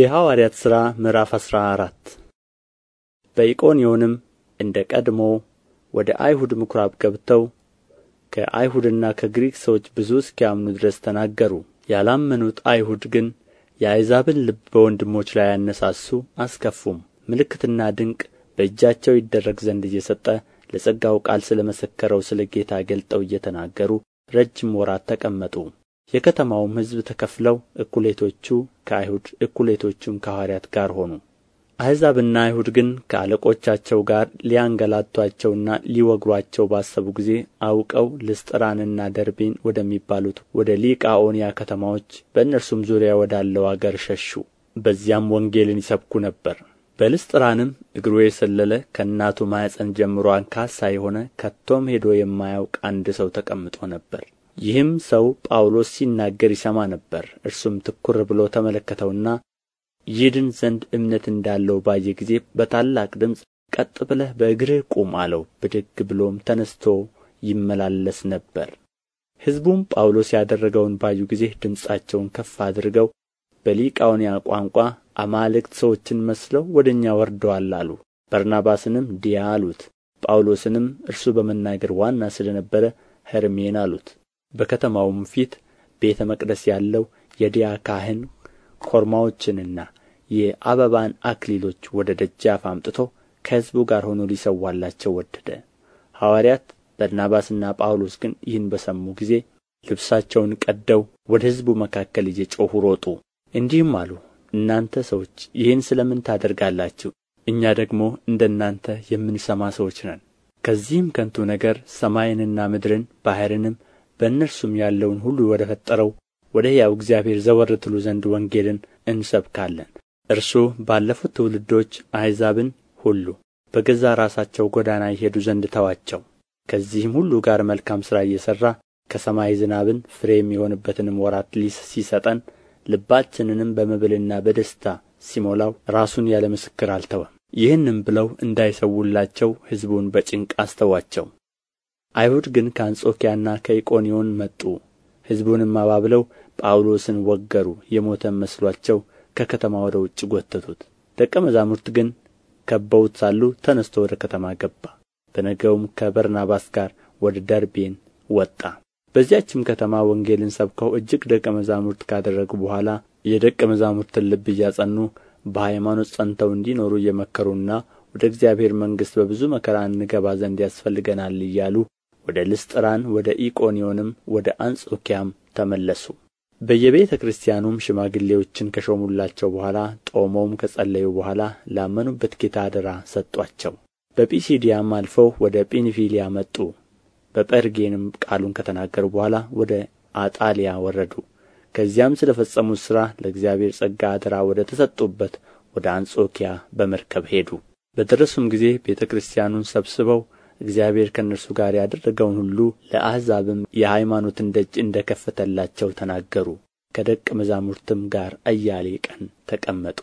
የሐዋርያት ሥራ ምዕራፍ አስራ አራት በኢቆንዮንም እንደ ቀድሞ ወደ አይሁድ ምኵራብ ገብተው ከአይሁድና ከግሪክ ሰዎች ብዙ እስኪያምኑ ድረስ ተናገሩ። ያላመኑት አይሁድ ግን የአሕዛብን ልብ በወንድሞች ላይ ያነሳሱ፣ አስከፉም። ምልክትና ድንቅ በእጃቸው ይደረግ ዘንድ እየሰጠ ለጸጋው ቃል ስለ መሰከረው ስለ ጌታ ገልጠው እየተናገሩ ረጅም ወራት ተቀመጡ። የከተማውም ሕዝብ ተከፍለው እኩሌቶቹ ከአይሁድ እኩሌቶቹም ከሐዋርያት ጋር ሆኑ አሕዛብና አይሁድ ግን ከአለቆቻቸው ጋር ሊያንገላቱአቸውና ሊወግሯቸው ባሰቡ ጊዜ አውቀው ልስጥራንና ደርቤን ወደሚባሉት ወደ ሊቃኦንያ ከተማዎች በእነርሱም ዙሪያ ወዳለው አገር ሸሹ። በዚያም ወንጌልን ይሰብኩ ነበር። በልስጥራንም እግሩ የሰለለ ከእናቱ ማኅፀን ጀምሮ አንካሳ የሆነ ከቶም ሄዶ የማያውቅ አንድ ሰው ተቀምጦ ነበር። ይህም ሰው ጳውሎስ ሲናገር ይሰማ ነበር እርሱም ትኩር ብሎ ተመለከተውና ይድን ዘንድ እምነት እንዳለው ባየ ጊዜ በታላቅ ድምፅ ቀጥ ብለህ በእግርህ ቁም አለው ብድግ ብሎም ተነስቶ ይመላለስ ነበር ሕዝቡም ጳውሎስ ያደረገውን ባዩ ጊዜ ድምፃቸውን ከፍ አድርገው በሊቃኦንያ ቋንቋ አማልክት ሰዎችን መስለው ወደ እኛ ወርደዋል አሉ በርናባስንም ዲያ አሉት ጳውሎስንም እርሱ በመናገር ዋና ስለ ነበረ ሄርሜን አሉት በከተማውም ፊት ቤተ መቅደስ ያለው የዲያ ካህን ኮርማዎችንና የአበባን አክሊሎች ወደ ደጃፍ አምጥቶ ከሕዝቡ ጋር ሆኖ ሊሰዋላቸው ወደደ ሐዋርያት በርናባስና ጳውሎስ ግን ይህን በሰሙ ጊዜ ልብሳቸውን ቀደው ወደ ሕዝቡ መካከል እየጮኹ ሮጡ፣ እንዲህም አሉ፦ እናንተ ሰዎች ይህን ስለ ምን ታደርጋላችሁ? እኛ ደግሞ እንደ እናንተ የምንሰማ ሰዎች ነን። ከዚህም ከንቱ ነገር ሰማይንና ምድርን ባሕርንም በእነርሱም ያለውን ሁሉ ወደ ፈጠረው ወደ ሕያው እግዚአብሔር ዘወር ትሉ ዘንድ ወንጌልን እንሰብካለን። እርሱ ባለፉት ትውልዶች አሕዛብን ሁሉ በገዛ ራሳቸው ጎዳና ይሄዱ ዘንድ ተዋቸው። ከዚህም ሁሉ ጋር መልካም ሥራ እየሠራ ከሰማይ ዝናብን ፍሬ የሚሆንበትንም ወራት ሊስ ሲሰጠን ልባችንንም በመብልና በደስታ ሲሞላው ራሱን ያለ ምስክር አልተወም። ይህንም ብለው እንዳይሰውላቸው ሕዝቡን በጭንቅ አስተዋቸው። አይሁድ ግን ከአንጾኪያና ከኢቆንዮን መጡ ሕዝቡንም አባብለው ጳውሎስን ወገሩ የሞተም መስሎአቸው ከከተማ ወደ ውጭ ጐተቱት ደቀ መዛሙርት ግን ከበውት ሳሉ ተነሥቶ ወደ ከተማ ገባ በነገውም ከበርናባስ ጋር ወደ ደርቤን ወጣ በዚያችም ከተማ ወንጌልን ሰብከው እጅግ ደቀ መዛሙርት ካደረጉ በኋላ የደቀ መዛሙርትን ልብ እያጸኑ በሃይማኖት ጸንተው እንዲኖሩ እየመከሩና ወደ እግዚአብሔር መንግሥት በብዙ መከራ እንገባ ዘንድ ያስፈልገናል እያሉ ወደ ልስጥራን ወደ ኢቆንዮንም ወደ አንጾኪያም ተመለሱ በየቤተ ክርስቲያኑም ሽማግሌዎችን ከሾሙላቸው በኋላ ጦመውም ከጸለዩ በኋላ ላመኑበት ጌታ አደራ ሰጧቸው። በጲሲዲያም አልፈው ወደ ጲንፊልያ መጡ። በጴርጌንም ቃሉን ከተናገሩ በኋላ ወደ አጣሊያ ወረዱ። ከዚያም ስለ ፈጸሙት ሥራ ለእግዚአብሔር ጸጋ አደራ ወደ ተሰጡበት ወደ አንጾኪያ በመርከብ ሄዱ። በደረሱም ጊዜ ቤተ ክርስቲያኑን ሰብስበው እግዚአብሔር ከእነርሱ ጋር ያደረገውን ሁሉ ለአሕዛብም የሃይማኖትን ደጅ እንደ ከፈተላቸው ተናገሩ ከደቀ መዛሙርትም ጋር አያሌ ቀን ተቀመጡ